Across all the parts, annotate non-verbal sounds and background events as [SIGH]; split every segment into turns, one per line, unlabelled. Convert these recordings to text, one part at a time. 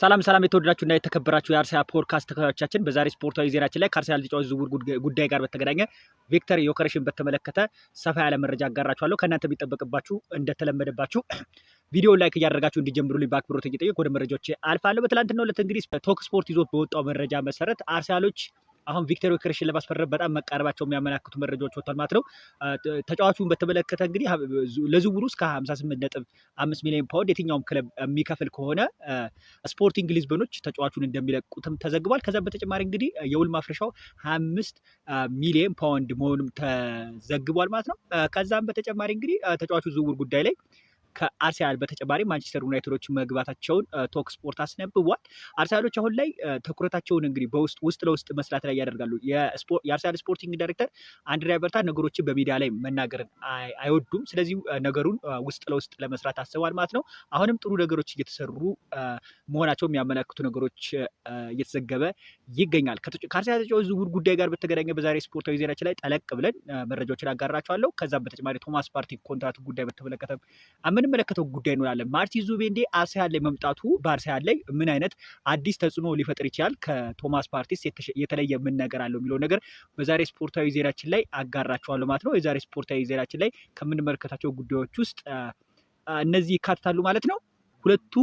ሰላም ሰላም የተወደዳችሁ እና የተከበራችሁ የአርሰናል ፖድካስት ተከታዮቻችን፣ በዛሬ ስፖርታዊ ዜናችን ላይ ከአርሰናል ተጫዋች ዝውውር ጉዳይ ጋር በተገናኘ ቪክተር ዮከረስን በተመለከተ ሰፋ ያለ መረጃ አጋራችኋለሁ። ከእናንተ የሚጠበቅባችሁ እንደተለመደባችሁ [CLEARS THROAT] ቪዲዮ ላይክ እያደረጋችሁ እንዲጀምሩ እንዲጀምሩልኝ በአክብሮት እየጠየቅ ወደ መረጃዎች አልፋለሁ። በትላንትናው ዕለት እንግዲህ ቶክ ስፖርት ይዞት በወጣው መረጃ መሰረት አርሰናሎች አሁን ቪክተር ዮኬሬስን ለማስፈረም በጣም መቃረባቸው የሚያመላክቱ መረጃዎች ወጥቷል ማለት ነው። ተጫዋቹን በተመለከተ እንግዲህ ለዝውውሩ እስከ 58 ነጥብ 5 ሚሊዮን ፓውንድ የትኛውም ክለብ የሚከፍል ከሆነ ስፖርቲንግ ሊዝበኖች ተጫዋቹን እንደሚለቁትም ተዘግቧል። ከዛም በተጨማሪ እንግዲህ የውል ማፍረሻው 25 ሚሊዮን ፓውንድ መሆኑም ተዘግቧል ማለት ነው። ከዛም በተጨማሪ እንግዲህ ተጫዋቹ ዝውውር ጉዳይ ላይ ከአርሰናል በተጨማሪ ማንቸስተር ዩናይትዶች መግባታቸውን ቶክ ስፖርት አስነብቧል። አርሰናሎች አሁን ላይ ትኩረታቸውን እንግዲህ በውስጥ ውስጥ ለውስጥ መስራት ላይ ያደርጋሉ። የአርሰናል ስፖርቲንግ ዳይሬክተር አንድሪያ በርታ ነገሮችን በሚዲያ ላይ መናገርን አይወዱም። ስለዚህ ነገሩን ውስጥ ለውስጥ ለመስራት አስበዋል ማለት ነው። አሁንም ጥሩ ነገሮች እየተሰሩ መሆናቸው የሚያመለክቱ ነገሮች እየተዘገበ ይገኛል። ከአርሰናል ተጫዋች ዝውውር ጉዳይ ጋር በተገናኘ በዛሬ ስፖርታዊ ዜናችን ላይ ጠለቅ ብለን መረጃዎችን አጋራቸዋለሁ። ከዛም በተጨማሪ ቶማስ ፓርቲ ኮንትራት ጉዳይ በተመለከተ የምንመለከተው ጉዳይ እንሆናለን። ማርቲን ዙቤንዴ አርሰናል ላይ መምጣቱ በአርሰናል ላይ ምን አይነት አዲስ ተጽዕኖ ሊፈጥር ይችላል፣ ከቶማስ ፓርቲስ የተለየ ምን ነገር አለው የሚለው ነገር በዛሬ ስፖርታዊ ዜናችን ላይ አጋራችኋለሁ ማለት ነው። የዛሬ ስፖርታዊ ዜናችን ላይ ከምንመለከታቸው ጉዳዮች ውስጥ እነዚህ ይካትታሉ ማለት ነው። ሁለቱ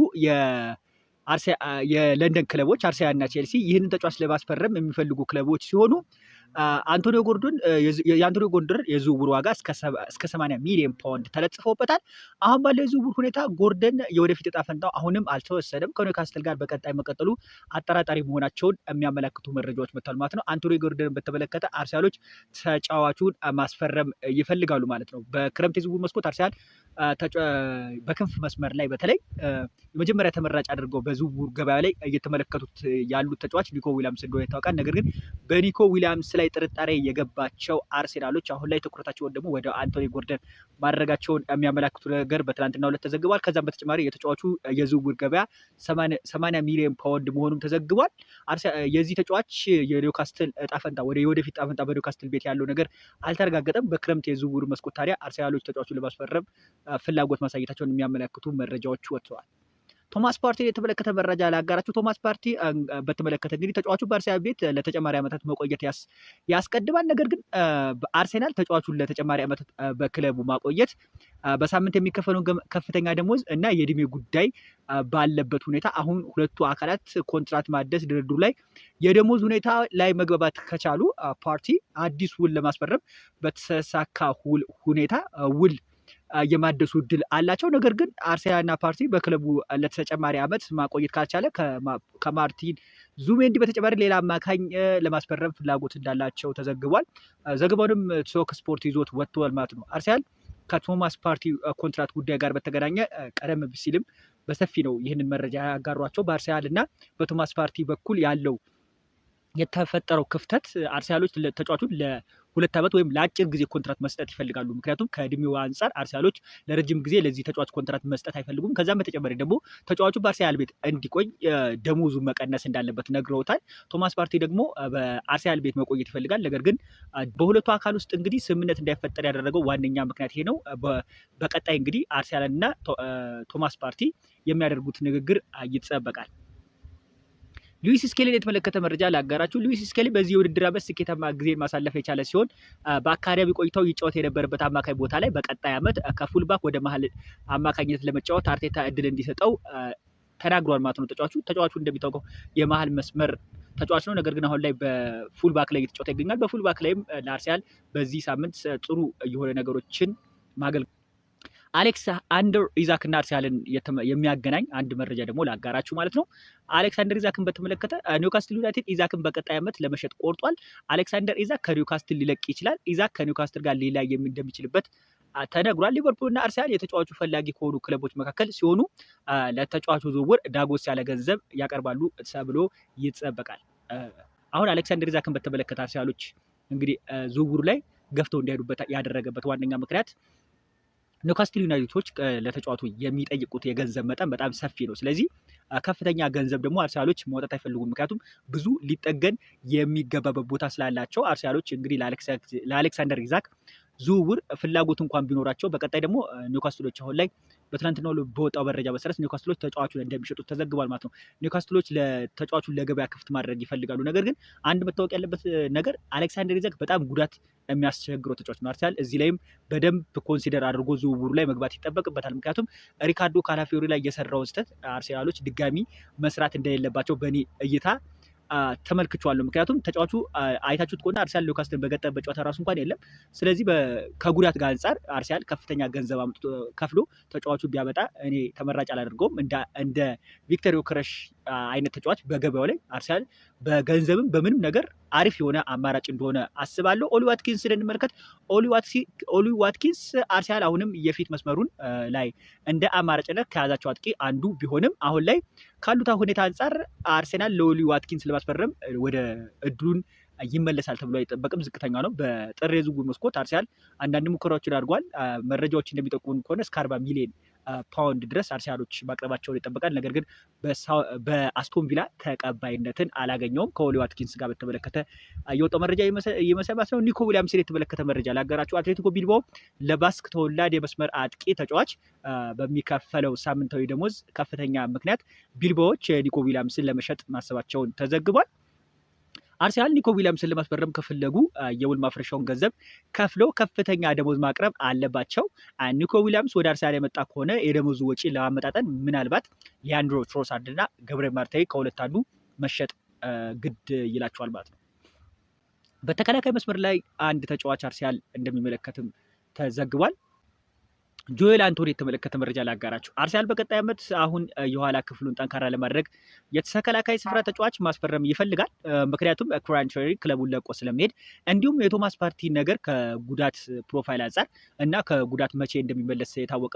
የለንደን ክለቦች እና ቼልሲ ይህንን ተጫዋች ለማስፈረም የሚፈልጉ ክለቦች ሲሆኑ አንቶኒዮ ጎርዶን የአንቶኒዮ ጎርዶን የዝውውር ዋጋ እስከ 80 ሚሊዮን ፓውንድ ተለጽፎበታል። አሁን ባለው የዝውውር ሁኔታ ጎርደን የወደፊት እጣ ፈንታው አሁንም አልተወሰደም። ከኒውካስትል ጋር በቀጣይ መቀጠሉ አጠራጣሪ መሆናቸውን የሚያመላክቱ መረጃዎች መጥቷል ማለት ነው። አንቶኒዮ ጎርደንን በተመለከተ አርሰናሎች ተጫዋቹን ማስፈረም ይፈልጋሉ ማለት ነው። በክረምት የዝውውር መስኮት አርሰናል በክንፍ መስመር ላይ በተለይ የመጀመሪያ ተመራጭ አድርገው በዝውውር ገበያ ላይ እየተመለከቱት ያሉት ተጫዋች ኒኮ ዊሊያምስ እንደሆነ ይታወቃል። ነገር ግን በኒኮ ዊሊያምስ ላይ ጥርጣሬ የገባቸው አርሴናሎች አሁን ላይ ትኩረታቸውን ደግሞ ወደ አንቶኒ ጎርደን ማድረጋቸውን የሚያመላክቱ ነገር በትላንትና ሁለት ተዘግቧል። ከዛም በተጨማሪ የተጫዋቹ የዝውውር ገበያ ሰማንያ ሚሊዮን ፓውንድ መሆኑም ተዘግቧል። የዚህ ተጫዋች የኒውካስትል ጣፈንታ ወደ የወደፊት ጣፈንታ በኒውካስትል ቤት ያለው ነገር አልተረጋገጠም። በክረምት የዝውውር መስኮት ታዲያ አርሴናሎች ተጫዋቹን ለማስፈረም ፍላጎት ማሳየታቸውን የሚያመለክቱ መረጃዎች ወጥተዋል። ቶማስ ፓርቲ የተመለከተ መረጃ ላጋራችሁ። ቶማስ ፓርቲ በተመለከተ እንግዲህ ተጫዋቹ በአርሰናል ቤት ለተጨማሪ ዓመታት መቆየት ያስቀድማል። ነገር ግን አርሴናል ተጫዋቹን ለተጨማሪ ዓመታት በክለቡ ማቆየት በሳምንት የሚከፈለውን ከፍተኛ ደሞዝ እና የእድሜ ጉዳይ ባለበት ሁኔታ አሁን ሁለቱ አካላት ኮንትራት ማደስ ድርድሩ ላይ የደሞዝ ሁኔታ ላይ መግባባት ከቻሉ ፓርቲ አዲስ ውል ለማስፈረም በተሳካ ሁኔታ ውል የማደሱ እድል አላቸው። ነገር ግን አርሴናልና ፓርቲ በክለቡ ለተጨማሪ ዓመት ማቆየት ካልቻለ ከማርቲን ዙሜንዲ በተጨማሪ ሌላ አማካኝ ለማስፈረም ፍላጎት እንዳላቸው ተዘግቧል። ዘገባውንም ሶክ ስፖርት ይዞት ወጥቷል ማለት ነው። አርሴናል ከቶማስ ፓርቲ ኮንትራት ጉዳይ ጋር በተገናኘ ቀደም ሲልም በሰፊ ነው ይህንን መረጃ ያጋሯቸው። በአርሴናል እና በቶማስ ፓርቲ በኩል ያለው የተፈጠረው ክፍተት አርሴናሎች ተጫዋቹን ሁለት ዓመት ወይም ለአጭር ጊዜ ኮንትራት መስጠት ይፈልጋሉ። ምክንያቱም ከእድሜው አንጻር አርሰናሎች ለረጅም ጊዜ ለዚህ ተጫዋች ኮንትራት መስጠት አይፈልጉም። ከዛም በተጨማሪ ደግሞ ተጫዋቹ በአርሰናል ቤት እንዲቆይ ደሞዙ መቀነስ እንዳለበት ነግረውታል። ቶማስ ፓርቲ ደግሞ በአርሰናል ቤት መቆየት ይፈልጋል። ነገር ግን በሁለቱ አካል ውስጥ እንግዲህ ስምምነት እንዳይፈጠር ያደረገው ዋነኛ ምክንያት ይሄ ነው። በቀጣይ እንግዲህ አርሰናል እና ቶማስ ፓርቲ የሚያደርጉት ንግግር ይጠበቃል። ሉዊስ ስኬሊን የተመለከተ መረጃ ላጋራችሁ። ሉዊስ ስኬሊ በዚህ የውድድር ዓመት ስኬታማ ጊዜ ማሳለፍ የቻለ ሲሆን በአካዳሚ ቆይታው ይጫወት የነበረበት አማካኝ ቦታ ላይ በቀጣይ ዓመት ከፉልባክ ወደ መሀል አማካኝነት ለመጫወት አርቴታ እድል እንዲሰጠው ተናግሯል ማለት ነው። ተጫዋቹ ተጫዋቹ እንደሚታወቀው የመሀል መስመር ተጫዋች ነው። ነገር ግን አሁን ላይ በፉልባክ ላይ እየተጫወተ ይገኛል። በፉልባክ ላይም ለአርሰናል በዚህ ሳምንት ጥሩ የሆነ ነገሮችን ማገልገል አሌክስ አንደር ኢዛክ እና አርሰናልን የሚያገናኝ አንድ መረጃ ደግሞ ላጋራችሁ ማለት ነው። አሌክሳንደር ኢዛክን በተመለከተ ኒውካስትል ዩናይትድ ኢዛክን በቀጣይ ዓመት ለመሸጥ ቆርጧል። አሌክሳንደር ኢዛክ ከኒውካስትል ሊለቅ ይችላል። ኢዛክ ከኒውካስትል ጋር ሊለያይ እንደሚችልበት ተነግሯል። ሊቨርፑል እና አርሰናል የተጫዋቹ ፈላጊ ከሆኑ ክለቦች መካከል ሲሆኑ ለተጫዋቹ ዝውውር ዳጎስ ያለ ገንዘብ ያቀርባሉ ተብሎ ይጠበቃል። አሁን አሌክሳንደር ኢዛክን በተመለከተ አርሰናሎች እንግዲህ ዝውውሩ ላይ ገፍተው እንዲሄዱበት ያደረገበት ዋነኛ ምክንያት ኒውካስትል ዩናይትዶች ለተጫዋቱ የሚጠይቁት የገንዘብ መጠን በጣም ሰፊ ነው። ስለዚህ ከፍተኛ ገንዘብ ደግሞ አርሰናሎች መውጣት አይፈልጉም። ምክንያቱም ብዙ ሊጠገን የሚገባበት ቦታ ስላላቸው አርሰናሎች እንግዲህ ለአሌክሳንደር ኢዛክ ዝውውር ፍላጎት እንኳን ቢኖራቸው በቀጣይ ደግሞ ኒውካስትሎች አሁን ላይ በትናንትናው በወጣው መረጃ መሰረት ኒውካስትሎች ተጫዋቹን እንደሚሸጡት ተዘግቧል ማለት ነው። ኒውካስትሎች ተጫዋቹን ለገበያ ክፍት ማድረግ ይፈልጋሉ። ነገር ግን አንድ መታወቅ ያለበት ነገር አሌክሳንደር ኢዛክ በጣም ጉዳት የሚያስቸግረው ተጫዋች ነው። እዚህ ላይም በደንብ ኮንሲደር አድርጎ ዝውውሩ ላይ መግባት ይጠበቅበታል። ምክንያቱም ሪካርዶ ካላፊዮሪ ላይ የሰራውን ስህተት አርሴናሎች ድጋሚ መስራት እንደሌለባቸው በእኔ እይታ ተመልክቼዋለሁ። ምክንያቱም ተጫዋቹ አይታችሁት ከሆነ አርሲያል ኒውካስትልን በገጠመበት ጨዋታ ራሱ እንኳን የለም። ስለዚህ ከጉዳት ጋር አንጻር አርሲያል ከፍተኛ ገንዘብ አምጥቶ ከፍሎ ተጫዋቹ ቢያመጣ እኔ ተመራጭ አላደርገውም። እንደ ቪክተር ዮከረስ አይነት ተጫዋች በገበያው ላይ አርሲያል በገንዘብም በምንም ነገር አሪፍ የሆነ አማራጭ እንደሆነ አስባለሁ። ኦሊ ዋትኪንስ እንመልከት። ኦሊ ዋትኪንስ አርሲያል አሁንም የፊት መስመሩን ላይ እንደ አማራጭነት ከያዛቸው አጥቂ አንዱ ቢሆንም አሁን ላይ ካሉታ ሁኔታ አንጻር አርሴናል ሎሊ ዋትኪንስ ለማስፈረም ወደ እድሉን ይመለሳል ተብሎ አይጠበቅም። ዝቅተኛ ነው። በጥር የዝውውር መስኮት አርሰናል አንዳንድ ሙከራዎችን አድርጓል። መረጃዎች እንደሚጠቁሙ ከሆነ እስከ አርባ ሚሊዮን ፓውንድ ድረስ አርሰናሎች ማቅረባቸውን ይጠበቃል። ነገር ግን በአስቶን ቪላ ተቀባይነትን አላገኘውም። ከሆሊ ዋትኪንስ ጋር በተመለከተ የወጣው መረጃ የመሰማት ነው። ኒኮ ዊሊያምስን የተመለከተ መረጃ ላገራቸው። አትሌቲኮ ቢልባኦ ለባስክ ተወላድ የመስመር አጥቂ ተጫዋች በሚከፈለው ሳምንታዊ ደሞዝ ከፍተኛ ምክንያት ቢልባዎች ኒኮ ዊሊያምስን ለመሸጥ ማሰባቸውን ተዘግቧል። አርሰናል ኒኮ ዊሊያምስን ለማስፈረም ከፈለጉ የውል ማፍረሻውን ገንዘብ ከፍለው ከፍተኛ ደሞዝ ማቅረብ አለባቸው። ኒኮ ዊሊያምስ ወደ አርሰናል የመጣ ከሆነ የደሞዙ ወጪ ለማመጣጠን ምናልባት ሊያንድሮ ትሮሳርድ እና ገብረ ማርታዊ ከሁለት አንዱ መሸጥ ግድ ይላቸዋል ማለት ነው። በተከላካይ መስመር ላይ አንድ ተጫዋች አርሰናል እንደሚመለከትም ተዘግቧል። ጆኤል አንቶኒ የተመለከተ መረጃ ላጋራችሁ። አርሰናል በቀጣይ ዓመት አሁን የኋላ ክፍሉን ጠንካራ ለማድረግ የተከላካይ ስፍራ ተጫዋች ማስፈረም ይፈልጋል። ምክንያቱም ክራንቸሪ ክለቡን ለቆ ስለመሄድ እንዲሁም የቶማስ ፓርቲ ነገር ከጉዳት ፕሮፋይል አንጻር እና ከጉዳት መቼ እንደሚመለስ የታወቀ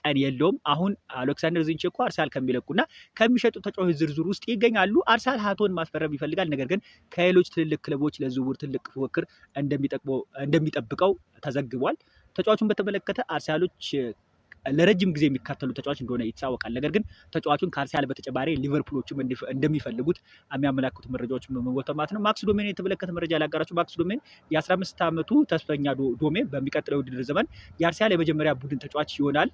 ቀን የለውም። አሁን አሌክሳንደር እኮ አርሰናል ከሚለቁና ከሚሸጡ ተጫዋች ዝርዝር ውስጥ ይገኛሉ። አርሰናል ሀቶን ማስፈረም ይፈልጋል። ነገር ግን ከሌሎች ትልልቅ ክለቦች ለዝውውር ትልቅ ፉክክር እንደሚጠብቀው ተዘግቧል። ተጫዋቹን በተመለከተ አርሰናሎች ለረጅም ጊዜ የሚካተሉ ተጫዋች እንደሆነ ይታወቃል። ነገር ግን ተጫዋቹን ከአርሰናል በተጨማሪ ሊቨርፑሎችም እንደሚፈልጉት የሚያመላክቱ መረጃዎች መወጥተው ማለት ነው። ማክስ ዶሜን የተመለከተ መረጃ ላጋራችሁ። ማክስ ዶሜን የ15 ዓመቱ ተስፈኛ ዶሜ በሚቀጥለው ውድድር ዘመን የአርሰናል የመጀመሪያ ቡድን ተጫዋች ይሆናል።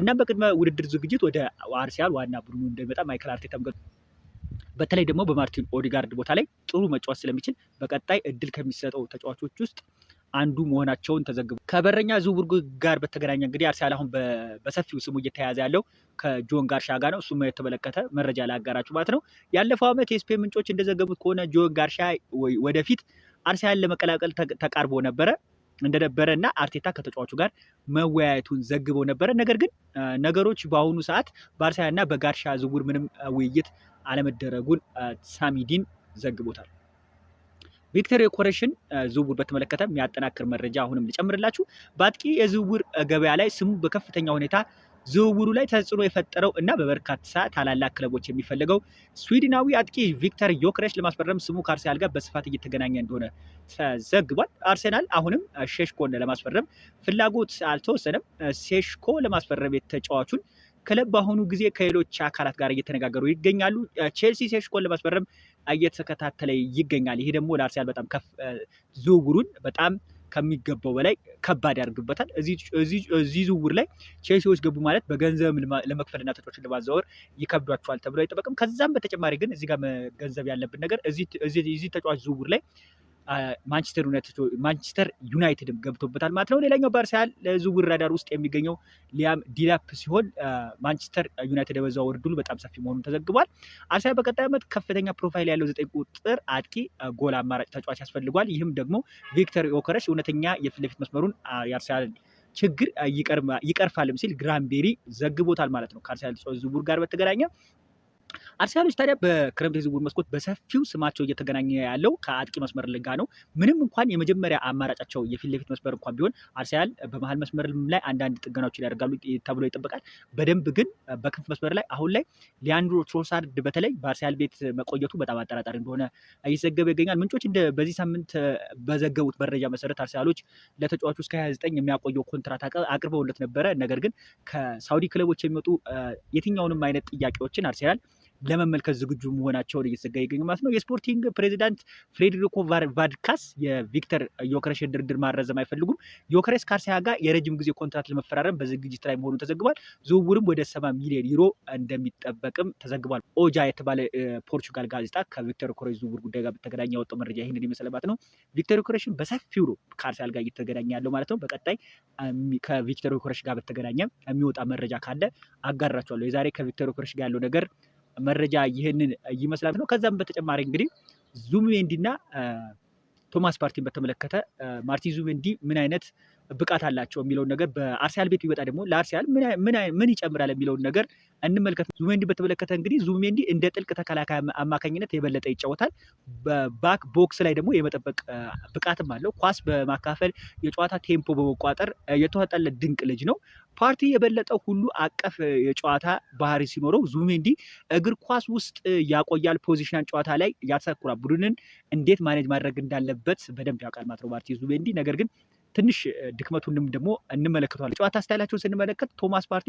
እናም በቅድመ ውድድር ዝግጅት ወደ አርሰናል ዋና ቡድኑ እንደሚመጣ ማይክል አርቴታም በተለይ ደግሞ በማርቲን ኦዲጋርድ ቦታ ላይ ጥሩ መጫወት ስለሚችል በቀጣይ እድል ከሚሰጠው ተጫዋቾች ውስጥ አንዱ መሆናቸውን ተዘግቡ። ከበረኛ ዝውውር ጋር በተገናኘ እንግዲህ አርሰናል አሁን በሰፊው ስሙ እየተያያዘ ያለው ከጆን ጋርሻ ጋር ነው። እሱም የተመለከተ መረጃ ላጋራችሁ ማለት ነው። ያለፈው ዓመት የስፔን ምንጮች እንደዘገቡት ከሆነ ጆን ጋርሻ ወደፊት አርሰናል ለመቀላቀል ተቃርቦ ነበረ እንደነበረ እና አርቴታ ከተጫዋቹ ጋር መወያየቱን ዘግበው ነበረ። ነገር ግን ነገሮች በአሁኑ ሰዓት በአርሰናልና በጋርሻ ዝውውር ምንም ውይይት አለመደረጉን ሳሚዲን ዘግቦታል። ቪክተር ኮረሽን ዝውውር በተመለከተ የሚያጠናክር መረጃ አሁንም ልጨምርላችሁ። በአጥቂ የዝውውር ገበያ ላይ ስሙ በከፍተኛ ሁኔታ ዝውውሩ ላይ ተጽዕኖ የፈጠረው እና በበርካታ ታላላቅ ክለቦች የሚፈለገው ስዊድናዊ አጥቂ ቪክተር ዮክሬሽ ለማስፈረም ስሙ ከአርሴናል ጋር በስፋት እየተገናኘ እንደሆነ ተዘግቧል። አርሴናል አሁንም ሼሽኮን ለማስፈረም ፍላጎት አልተወሰነም። ሴሽኮ ለማስፈረም የተጫዋቹን ክለብ በአሁኑ ጊዜ ከሌሎች አካላት ጋር እየተነጋገሩ ይገኛሉ። ቼልሲ ሴሽኮን ለማስፈረም እየተከታተለ ይገኛል። ይሄ ደግሞ ለአርሰናል በጣም ዝውውሩን በጣም ከሚገባው በላይ ከባድ ያደርግበታል። እዚህ ዝውውር ላይ ቼልሲዎች ገቡ ማለት በገንዘብ ለመክፈልና ተጫዋቾችን ለማዘዋወር ይከብዷቸዋል ተብሎ አይጠበቅም። ከዛም በተጨማሪ ግን እዚህ ጋር ገንዘብ ያለብን ነገር እዚህ ተጫዋች ዝውውር ላይ ማንቸስተር ዩናይትድም ገብቶበታል ማለት ነው። ሌላኛው ባርሳያል ዝውውር ራዳር ውስጥ የሚገኘው ሊያም ዲላፕ ሲሆን ማንቸስተር ዩናይትድ የበዛው ወርዱሉ በጣም ሰፊ መሆኑን ተዘግቧል። አርሰናል በቀጣይ ዓመት ከፍተኛ ፕሮፋይል ያለው ዘጠኝ ቁጥር አጥቂ ጎል አማራጭ ተጫዋች ያስፈልጓል። ይህም ደግሞ ቪክተር ዮከረስ እውነተኛ የፊት ለፊት መስመሩን የአርሰናልን ችግር ይቀርፋልም ሲል ግራንቤሪ ዘግቦታል ማለት ነው። ከአርሰናል ዝውውር ጋር በተገናኘ አርሰናሎች ታዲያ በክረምት የዝውውር መስኮት በሰፊው ስማቸው እየተገናኘ ያለው ከአጥቂ መስመር ልጋ ነው። ምንም እንኳን የመጀመሪያ አማራጫቸው የፊት ለፊት መስመር እንኳን ቢሆን አርሰናል በመሀል መስመር ላይ አንዳንድ ጥገናዎችን ያደርጋሉ ተብሎ ይጠበቃል። በደንብ ግን በክንፍ መስመር ላይ አሁን ላይ ሊያንድሮ ትሮሳርድ በተለይ በአርሰናል ቤት መቆየቱ በጣም አጠራጣሪ እንደሆነ እየዘገበ ይገኛል። ምንጮች እንደ በዚህ ሳምንት በዘገቡት መረጃ መሰረት አርሰናሎች ለተጫዋቹ እስከ 29 የሚያቆየው ኮንትራት አቅርበውለት ነበረ። ነገር ግን ከሳውዲ ክለቦች የሚወጡ የትኛውንም አይነት ጥያቄዎችን አርሰናል ለመመልከት ዝግጁ መሆናቸውን እየተዘጋ ይገኙ ማለት ነው። የስፖርቲንግ ፕሬዚዳንት ፍሬድሪኮ ቫድካስ የቪክተር ዮከሬስን ድርድር ማራዘም አይፈልጉም። ዮከሬስ ካርሲያ ጋር የረጅም ጊዜ ኮንትራት ለመፈራረም በዝግጅት ላይ መሆኑ ተዘግቧል። ዝውውርም ወደ ሰባ ሚሊዮን ዩሮ እንደሚጠበቅም ተዘግቧል። ኦጃ የተባለ ፖርቹጋል ጋዜጣ ከቪክተር ዮከሬስ ዝውውር ጉዳይ ጋር በተገናኘ ያወጣው መረጃ ይህንን የመሰለባት ነው። ቪክተር ዮከሬስን በሰፊው ነው ከአርሰናል ጋር እየተገናኘ ያለው ማለት ነው። በቀጣይ ከቪክተር ዮከሬስ ጋር በተገናኘ የሚወጣ መረጃ ካለ አጋራቸዋለሁ። የዛሬ ከቪክተር ዮከሬስ ጋር ያለው ነገር መረጃ ይህንን ይመስላል ነው። ከዛም በተጨማሪ እንግዲህ እና ቶማስ ፓርቲን በተመለከተ ማርቲን ዙቢሜንዲ ምን አይነት ብቃት አላቸው የሚለውን ነገር በአርሲያል ቤት ቢመጣ ደግሞ ለአርሲያል ምን ይጨምራል የሚለውን ነገር እንመልከት። ዙሜንዲ በተመለከተ እንግዲህ ዙሜንዲ እንደ ጥልቅ ተከላካይ አማካኝነት የበለጠ ይጫወታል። በባክ ቦክስ ላይ ደግሞ የመጠበቅ ብቃትም አለው። ኳስ በማካፈል የጨዋታ ቴምፖ በመቋጠር የተዋጣለ ድንቅ ልጅ ነው። ፓርቲ የበለጠ ሁሉ አቀፍ የጨዋታ ባህሪ ሲኖረው ዙሜንዲ እግር ኳስ ውስጥ ያቆያል። ፖዚሽናል ጨዋታ ላይ ያተኩራል። ቡድንን እንዴት ማኔጅ ማድረግ እንዳለበት በደንብ ያውቃል ማለት ነው ፓርቲ ዙሜንዲ ነገር ግን ትንሽ ድክመቱንም ደግሞ እንመለከቷለን። ጨዋታ ስታይላቸውን ስንመለከት ቶማስ ፓርቲ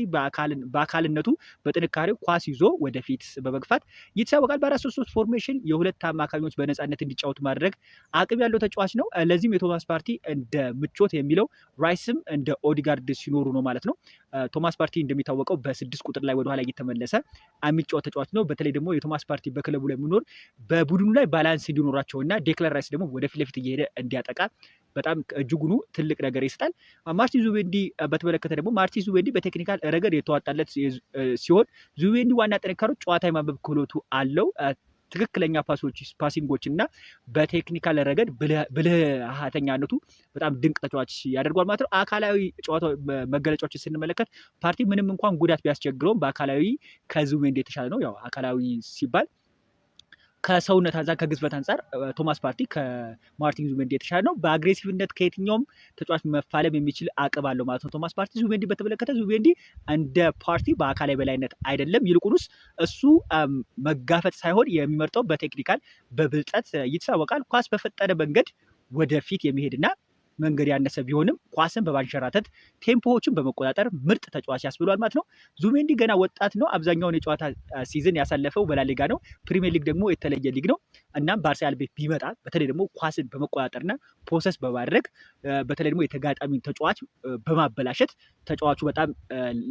በአካልነቱ በጥንካሬው ኳስ ይዞ ወደፊት በመግፋት ይታወቃል። በአራት ሶስት ሶስት ፎርሜሽን የሁለት አማካኞች በነፃነት እንዲጫወቱ ማድረግ አቅም ያለው ተጫዋች ነው። ለዚህም የቶማስ ፓርቲ እንደ ምቾት የሚለው ራይስም እንደ ኦዲጋርድ ሲኖሩ ነው ማለት ነው። ቶማስ ፓርቲ እንደሚታወቀው በስድስት ቁጥር ላይ ወደኋላ እየተመለሰ የሚጫወት ተጫዋች ነው። በተለይ ደግሞ የቶማስ ፓርቲ በክለቡ ላይ የሚኖር በቡድኑ ላይ ባላንስ እንዲኖራቸው እና ዴክለር ራይስ ደግሞ ወደፊት ለፊት እየሄደ እንዲያጠቃ በጣም እጅጉኑ ትልቅ ነገር ይሰጣል። ማርቲን ዙቤንዲ በተመለከተ ደግሞ ማርቲን ዙቤንዲ በቴክኒካል ረገድ የተዋጣለት ሲሆን ዙቤንዲ ዋና ጥንካሬው ጨዋታ የማንበብ ክህሎቱ አለው። ትክክለኛ ፓሶች ፓሲንጎች እና በቴክኒካል ረገድ ብልሃተኛነቱ በጣም ድንቅ ተጫዋች ያደርጓል ማለት ነው። አካላዊ ጨዋታ መገለጫዎችን ስንመለከት ፓርቲ ምንም እንኳን ጉዳት ቢያስቸግረውም በአካላዊ ከዙቤንዲ የተሻለ ነው። ያው አካላዊ ሲባል ከሰውነት አንጻር ከግዝበት አንጻር ቶማስ ፓርቲ ከማርቲን ዙቤንዲ የተሻለ ነው። በአግሬሲቭነት ከየትኛውም ተጫዋች መፋለም የሚችል አቅም አለው ማለት ነው ቶማስ ፓርቲ። ዙቤንዲ በተመለከተ ዙቤንዲ እንደ ፓርቲ በአካላዊ በላይነት አይደለም። ይልቁንስ እሱ መጋፈጥ ሳይሆን የሚመርጠው በቴክኒካል በብልጠት ይታወቃል። ኳስ በፈጠነ መንገድ ወደፊት የሚሄድና መንገድ ያነሰ ቢሆንም ኳስን በማንሸራተት ቴምፖዎችን በመቆጣጠር ምርጥ ተጫዋች ያስብሏል ማለት ነው። ዙሜንዲ ገና ወጣት ነው። አብዛኛውን የጨዋታ ሲዝን ያሳለፈው በላሊጋ ነው። ፕሪሚየር ሊግ ደግሞ የተለየ ሊግ ነው። እናም በአርሰናል ቤት ቢመጣ በተለይ ደግሞ ኳስን በመቆጣጠርና ፕሮሰስ በማድረግ በተለይ ደግሞ የተጋጣሚ ተጫዋች በማበላሸት ተጫዋቹ በጣም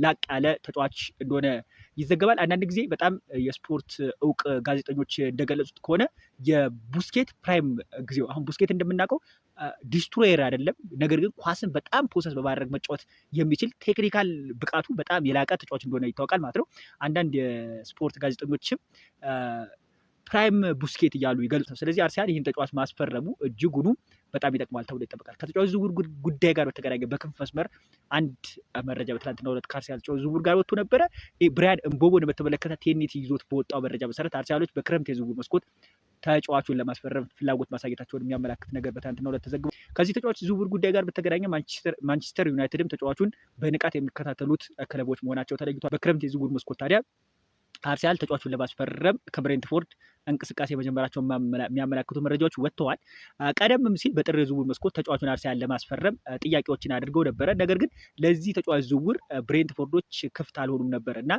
ላቅ ያለ ተጫዋች እንደሆነ ይዘገባል። አንዳንድ ጊዜ በጣም የስፖርት እውቅ ጋዜጠኞች እንደገለጹት ከሆነ የቡስኬት ፕራይም ጊዜው አሁን ቡስኬት እንደምናውቀው ዲስትሮየር አይደለም፣ ነገር ግን ኳስን በጣም ፕሮሰስ በማድረግ መጫወት የሚችል ቴክኒካል ብቃቱ በጣም የላቀ ተጫዋች እንደሆነ ይታወቃል ማለት ነው። አንዳንድ የስፖርት ጋዜጠኞችም ፕራይም ቡስኬት እያሉ ነው። ስለዚህ አርሰናል ይህን ተጫዋች ማስፈረሙ እጅጉኑ በጣም ይጠቅማል ተብሎ ይጠበቃል። ከተጫዋች ዝውውር ጉዳይ ጋር በተገናኘ በክንፍ መስመር አንድ መረጃ በትናንትናው ዕለት ከአርሰናል ተጫዋች ዝውውር ጋር ወጥቶ ነበረ። ብራያን እምቦሞን በተመለከተ ቴኒት ይዞት በወጣው መረጃ መሰረት አርሰናሎች በክረምት የዝውውር መስኮት ተጫዋቹን ለማስፈረም ፍላጎት ማሳየታቸውን የሚያመላክት ነገር በትናንትናው ዕለት ተዘግቧል። ከዚህ ተጫዋች ዝውውር ጉዳይ ጋር በተገናኘ ማንቸስተር ዩናይትድም ተጫዋቹን በንቃት የሚከታተሉት ክለቦች መሆናቸው ተለይቷል። በክረምት የዝውውር መስኮት ታዲያ አርሰናል ተጫዋቹን ለማስፈረም ከብሬንትፎርድ እንቅስቃሴ መጀመራቸውን የሚያመላክቱ መረጃዎች ወጥተዋል። ቀደምም ሲል በጥር ዝውውር መስኮት ተጫዋቹን አርሰናል ለማስፈረም ጥያቄዎችን አድርገው ነበረ። ነገር ግን ለዚህ ተጫዋች ዝውውር ብሬንትፎርዶች ክፍት አልሆኑም ነበር እና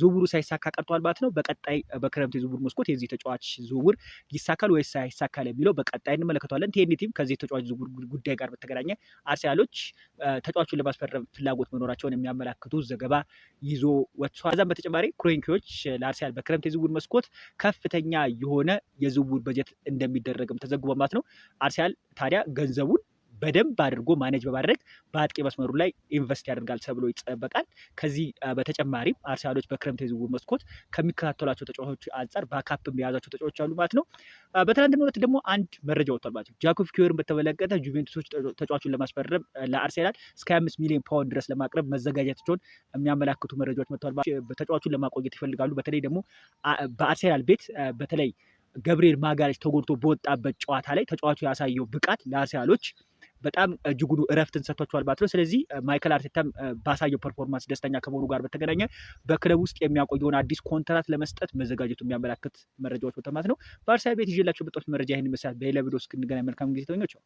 ዝውውሩ ሳይሳካ ቀርቷል ማለት ነው። በቀጣይ በክረምት የዝውውር መስኮት የዚህ ተጫዋች ዝውውር ይሳካል ወይስ ሳይሳካል የሚለው በቀጣይ እንመለከተዋለን። ቴኒቲም ከዚህ ተጫዋች ዝውውር ጉዳይ ጋር በተገናኘ አርሰናሎች ተጫዋቹን ለማስፈረም ፍላጎት መኖራቸውን የሚያመላክቱ ዘገባ ይዞ ወጥቷል። ከዛም በተጨማሪ ክሮንኪዎች ለአርሰናል በክረምት የዝውውር መስኮት ከፍተኛ የሆነ የዝውውር በጀት እንደሚደረግም ተዘግቧል ማለት ነው። አርሲያል ታዲያ ገንዘቡን በደንብ አድርጎ ማኔጅ በማድረግ በአጥቂ መስመሩ ላይ ኢንቨስት ያደርጋል ተብሎ ይጠበቃል። ከዚህ በተጨማሪም አርሰናሎች በክረምት የዝውውር መስኮት ከሚከታተሏቸው ተጫዋቾች አንጻር ባካፕም የያዛቸው ተጫዋቾች አሉ ማለት ነው። በትናንትናው ዕለት ደግሞ አንድ መረጃ ወጥቷል ማለት ነው። ጃኮብ ኪዮርን በተመለከተ ጁቬንቱሶች ተጫዋቹን ለማስፈረም ለአርሴናል እስከ 25 ሚሊዮን ፓውንድ ድረስ ለማቅረብ መዘጋጀታቸውን የሚያመላክቱ መረጃዎች መጥተዋል። ተጫዋቹን ለማቆየት ይፈልጋሉ። በተለይ ደግሞ በአርሴናል ቤት በተለይ ገብርኤል ማጋለች ተጎድቶ በወጣበት ጨዋታ ላይ ተጫዋቹ ያሳየው ብቃት ለአርሴናሎች በጣም እጅጉኑ እረፍትን ሰጥቷቸዋል ማለት ነው። ስለዚህ ማይክል አርቴታም ባሳየው ፐርፎርማንስ ደስተኛ ከመሆኑ ጋር በተገናኘ በክለብ ውስጥ የሚያቆየውን አዲስ ኮንትራት ለመስጠት መዘጋጀቱ የሚያመላክት መረጃዎች ወጥተዋል ማለት ነው። በአርሰናል ቤት ይዤላቸው በጣም መረጃ ይህን መሰት በሌላ ቪዲዮ እስክንገናኝ መልካም ጊዜ ተመኘኋቸው።